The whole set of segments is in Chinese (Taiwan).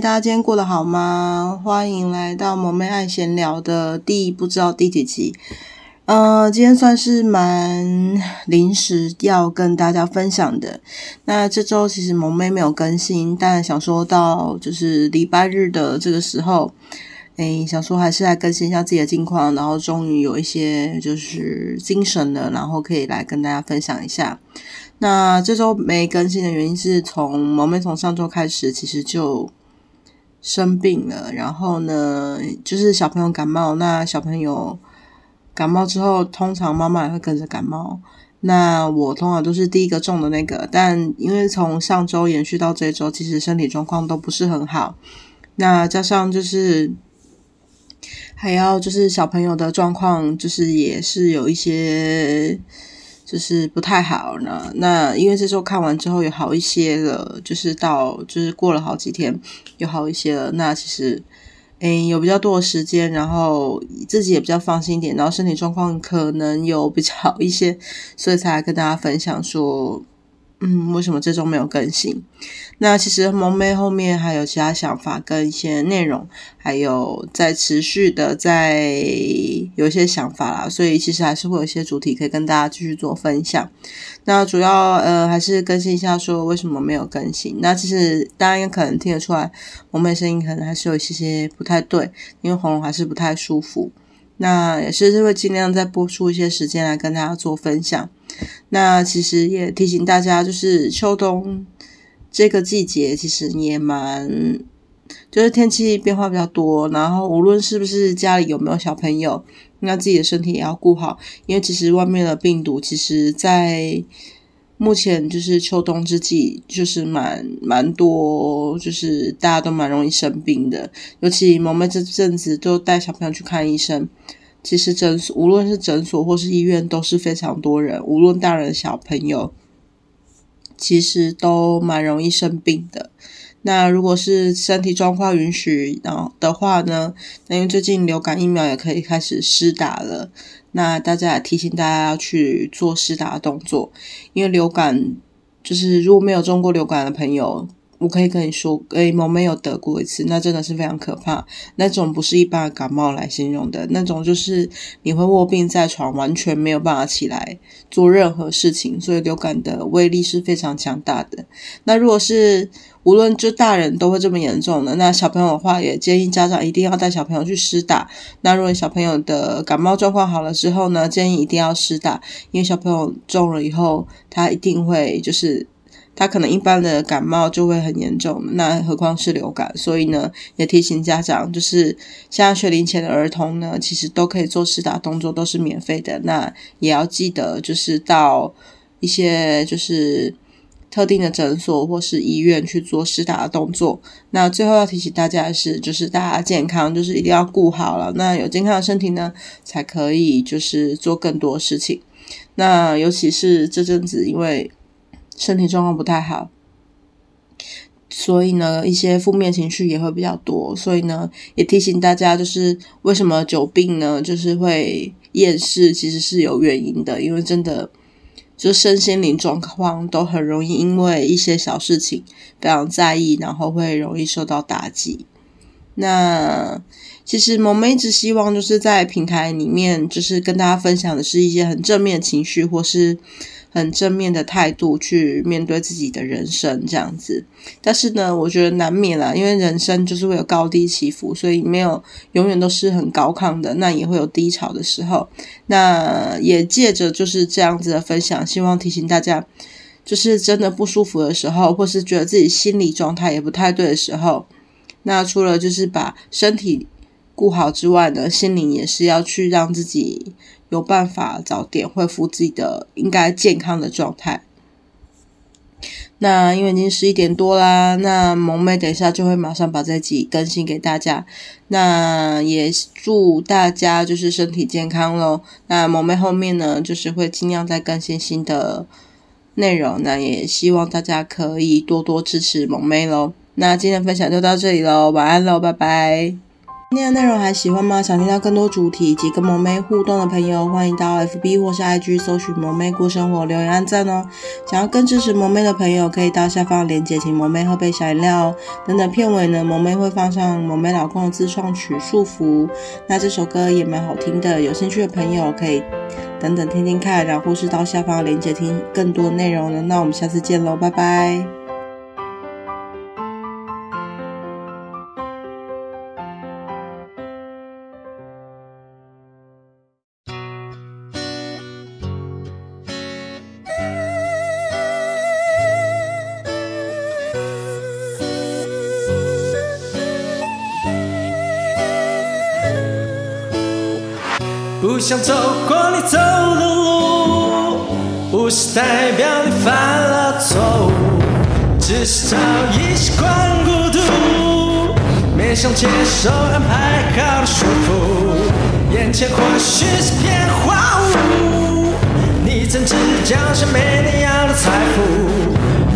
大家今天過得好嗎？歡迎來到萌咩愛閒聊的第，不知道第幾集。呃，今天算是蠻臨時要跟大家分享的。那這周其實萌咩沒有更新，但想說到就是禮拜日的這個時候，誒、欸，想說還是來更新一下自己的近況，然後終於有一些就是精神了，然後可以來跟大家分享一下。那這周沒更新的原因是從萌咩從上周開始其實就。生病了，然後呢，就是小朋友感冒，那小朋友感冒之後，通常媽媽也會跟着感冒。那我通常都是第一個中的那個，但因為從上周延續到這周，其實身體狀況都不是很好。那加上就是還要就是小朋友的狀況，就是也是有一些。就是不太好呢，那，那因為這時候看完之後有好一些了，就是到，就是過了好幾天，有好一些了，那其實，嗯、欸，有比較多的時間，然後自己也比較放心一點，然後身體狀況可能有比較好一些，所以才來跟大家分享說。嗯，為什麼這週沒有更新？那其實萌咩後面還有其他想法跟一些內容，還有在持續的在有一些想法啦，所以其實還是會有一些主題可以跟大家繼續做分享。那主要呃還是更新一下，說為什麼沒有更新？那其實大家應該可能聽得出來，萌咩聲音可能還是有一些些不太對，因為喉嚨還是不太舒服。那也是會盡量再播出一些時間來跟大家做分享。那其實也提醒大家，就是秋冬這個季節，其實也蠻就是天氣變化比較多。然後無論是不是家裡有沒有小朋友，那自己的身體也要顧好，因為其實外面的病毒其實，在。目前就是秋冬之際，就是蠻蠻多，就是大家都蠻容易生病的。尤其萌咩這陣子都帶小朋友去看醫生，其實診所無論是診所或是醫院都是非常多人，無論大人小朋友，其實都蠻容易生病的。那如果是身體狀況允許，然後的話呢，那因為最近流感疫苗也可以開始施打了，那大家也提醒大家要去做施打的動作，因為流感就是如果沒有中過流感的朋友。我可以跟你說，誒、欸，我沒有得過一次，那真的是非常可怕，那種不是一般的感冒來形容的那種，就是你會臥病在床，完全沒有辦法起來做任何事情。所以流感的威力是非常強大的。那如果是無論就大人都會這麼嚴重的，那小朋友的話，也建議家長一定要帶小朋友去施打。那如果小朋友的感冒狀況好了之後呢，建議一定要施打，因為小朋友中了以後，他一定會就是。他可能一般的感冒就會很嚴重，那何況是流感，所以呢，也提醒家長，就是像學齡前的兒童呢，其實都可以做施打動作，都是免費的。那也要記得，就是到一些就是特定的診所或是醫院去做施打的動作。那最後要提醒大家的是，就是大家健康，就是一定要顧好了。那有健康的身體呢，才可以就是做更多的事情。那尤其是這陣子，因為。身體狀況不太好，所以呢，一些負面情緒也會比較多。所以呢，也提醒大家，就是為什麼久病呢，就是會厭世，其實是有原因的。因為真的，就身心靈狀況都很容易因為一些小事情非常在意，然後會容易受到打擊。那其實萌咩一直希望就是在平台裡面，就是跟大家分享的是一些很正面情緒，或是。很正面的態度去面對自己的人生，這樣子。但是呢，我覺得難免啦，因為人生就是會有高低起伏，所以沒有永遠都是很高亢的，那也會有低潮的時候。那也借着就是這樣子的分享，希望提醒大家，就是真的不舒服的時候，或是覺得自己心理狀態也不太對的時候，那除了就是把身體顧好之外呢，心靈也是要去讓自己。有辦法早點恢復自己的應該健康的狀態。那因為已經十一點多啦，那萌咩等一下就會馬上把這集更新給大家。那也祝大家就是身體健康嘍。那萌咩後面呢，就是會盡量再更新新的內容。那也希望大家可以多多支持萌咩嘍。那今天的分享就到這裡嘍，晚安嘍，拜拜。今天的內容還喜歡嗎？想聽到更多主題以及跟萌咩互動的朋友，歡迎到 FB 或是 IG 搜尋萌咩過生活，留言按讚哦。想要更支持萌咩的朋友，可以到下方鏈接請萌咩喝杯小飲料等等。片尾呢，萌咩會放上萌咩老公的自創曲《束縛》，那這首歌也蠻好聽的，有興趣的朋友可以等等聽聽看，然後或是到下方鏈接聽更多內容呢。那我們下次見嘍，拜拜。不想走過你走的路，不是代表你犯了錯誤，只是早已習慣孤獨，沒想接受安排好的束縛。眼前或許是片荒蕪，你怎知腳下沒你要的財富，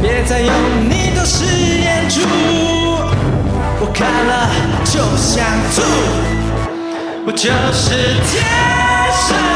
別再用你的誓言賭，我看了就不想吐。我就是天生。